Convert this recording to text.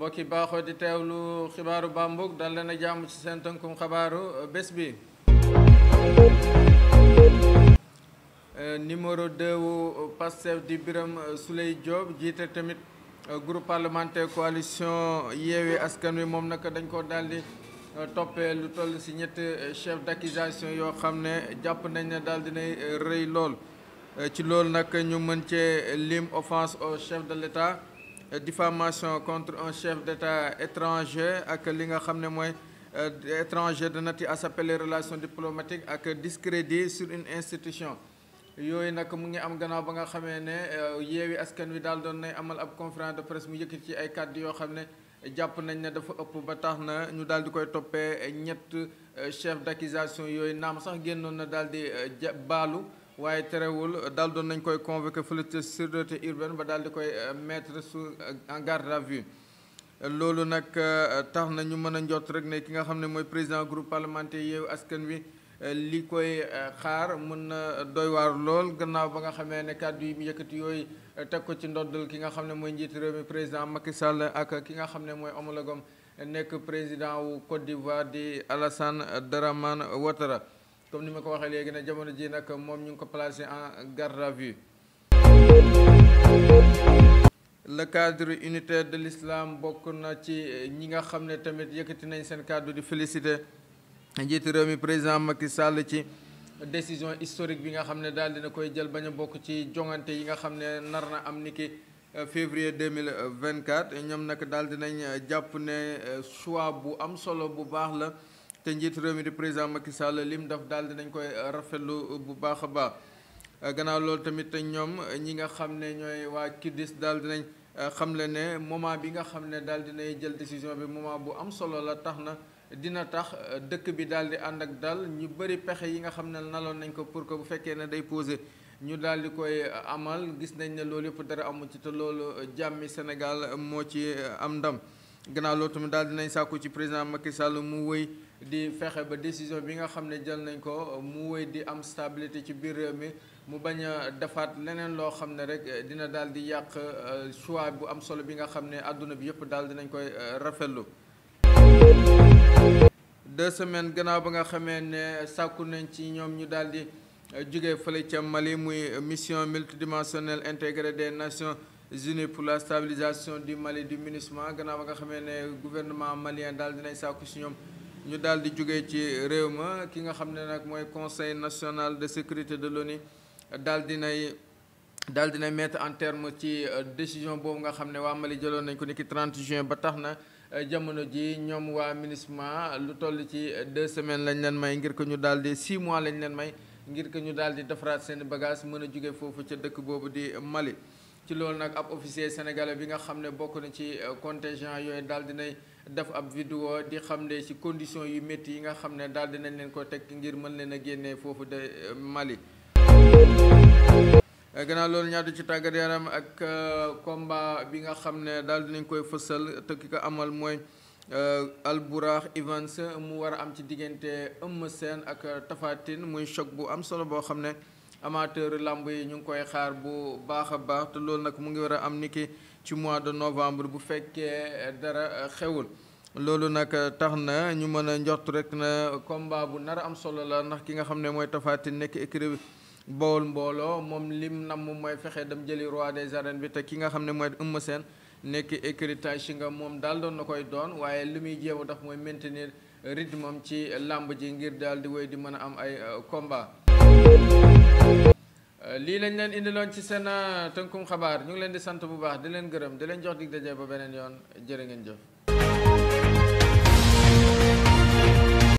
mbokki baaxoo di teewlu xibaaru bambuk dal leen a jàmm ci seen tënkum xabaaru euh, bés bi euh, numéro 2 wu euh, Pastef di Birame Souleye Diop jiite tamit groupe parlementaire coalition Yewwi Askan Wi moom nag dañ ko daldi toppee lu toll ci ñetti chef d'accusation yoo xam ne jàpp nañ ne daal dinay rëy lool ci loolu nag ñu mën cee lim offense au chef de l'État diffamation contre un chef d'État étranger ak li nga xam ne mooy euh, étranger de nature à s'appeler relation diplomatique ak discrédit sur une institution yooyu nag mu ngi am gannaaw ba nga xamee ne euh, yeewi askan wi daal doon nay amal ab conférence de presse mu yëkkati ci ay kàddu yoo xam ne jàpp nañ ne dafa ëpp ba tax na ñu daal di koy toppee ñett euh, chef d'accusation yooyu naam sax génnoon na daal di baalu waaye terewul daal doon nañ koy convoqué fële ca sûreté urbaine ba daal di koy euh, mettre sous euh, en garde à vue loolu nag euh, tax na ñu mën a njot rek ne ki nga xam ne mooy président groupe parlementaire Yewwi Askan Wi li koy xaar mën na doy waar lool gannaaw ba nga xamee ne kàddu yi mu yëkkati yooyu teg ko ci ndoddal ki nga xam ne mooy njiit réew mi président Macky Sall ak ki nga xam ne mooy homologam nekk président wu Côte d'Ivoire di Alassane Dramane Ouattara comme ni ma ko waxee léegi nag jamono ji nag moom ñu ngi ko placé en garde à vue le cadre unitaire de l'islam bokk na ci ñi nga xam ne tamit yëkkati nañ seen kàddu di félicité njiitu réew mi président Macky Sall ci décision historique bi nga xam ne daal dina koy jël bañ a bokk ci jongante yi nga xam ne nar na am niki euh, février 2024 ñoom nag daal dinañ jàpp ne euh, choix bu am solo bu baax la te njiitu réew mi di président Macky Sall lim daf di dinañ koy euh, rafetlu euh, bu baax a baax euh, gannaaw loolu tamit ñoom ñi nga xam ne ñooy waa kiddis daal dinañ xam le ne moment bi nga xam ne daal dinay jël décision bi moment bu am solo la tax na dina tax dëkk bi daal di ànd ak dal ñu bëri pexe yi nga xam ne naloon nañ ko pour que bu fekkee ne day posé ñu daal di koy amal gis nañ ne loolu yëpp dara amu ci te loolu jàmmi Sénégal moo ci am ndam gannaaw loolu tamit daal dinañ sàkku ci président Macky Sall mu wëy di fexe ba décision bi nga xam ne jël nañ ko mu wëy di am stabilité ci biir mi mu bañ a defaat leneen loo xam ne rek dina daal di yàq euh, choix bu am solo bi nga xam ne àdduna bi yëpp daal nañ koy euh, rafetlu. deux semaines gannaaw ba nga xamee ne sàkku nañ ci ñoom ñu daal di euh, jóge fële ca Mali muy mission multidimensionnelle intégrée des nations. Unis pour la stabilisation du Mali du MINUSMA gannaaw ba nga xamee ne gouvernement malien daal dinay sàkku si ñoom ñu daal di jógee ci réew ma ki nga xam ne nag mooy conseil national de sécurité de l'ONU daal dinay daal dinay mettre en terme ci euh, décision boobu nga xam ne waa Mali jëloon nañ ko ni ki 30 juin ba tax na euh, jamono ji ñoom waa MINUSMA lu toll ci deux semaines lañ leen may ngir ko ñu daal di six mois lañ leen may ngir ko ñu daal di defaraat seen bagage mën a jóge foofu ca dëkk boobu di Mali ci loolu nag ab officier sénégalais bi nga xam ne bokk na ci euh, contingent yooyu daal dinay def ab vidéo di xam ne ci condition yu métti yi nga xam ne daal dinañ leen ko teg ngir mën leen a génnee foofu de euh, Mali euh, gannaaw loolu ñaatu ci tàggat yaram ak komba bi nga xam ne daal nañ koy fësal te ko amal mooy Albourakh Evans mu war a am ci diggante Eumeu seen ak Tapha muy choc bu am solo boo xam ne amateur làmb yi ñu ngi koy xaar bu baax a baax te loolu nag mu ngi war a am niki ci mois de novembre bu fekkee dara xewul loolu nag tax na ñu mën a njort rek na combat bu nar a am solo la ndax ki nga xam ne mooy Tapha nekk écurie Bawol mbooloo moom lim nam mooy fexe dem jëli roi des arènes bi te ki nga xam ne mooy Eumeu seen nekk écurie nga moom daal doon na koy doon waaye li muy jéem a mooy maintenir rythme am ci làmb ji ngir daal di woy di mën a am ay combat Euh, lii lañ leen indiloon ci seen euh, tënkum xabaar ñu ngi leen di sant bu baax di leen gërëm di leen jox dig daje ba beneen yoon jërë ngeen jëf.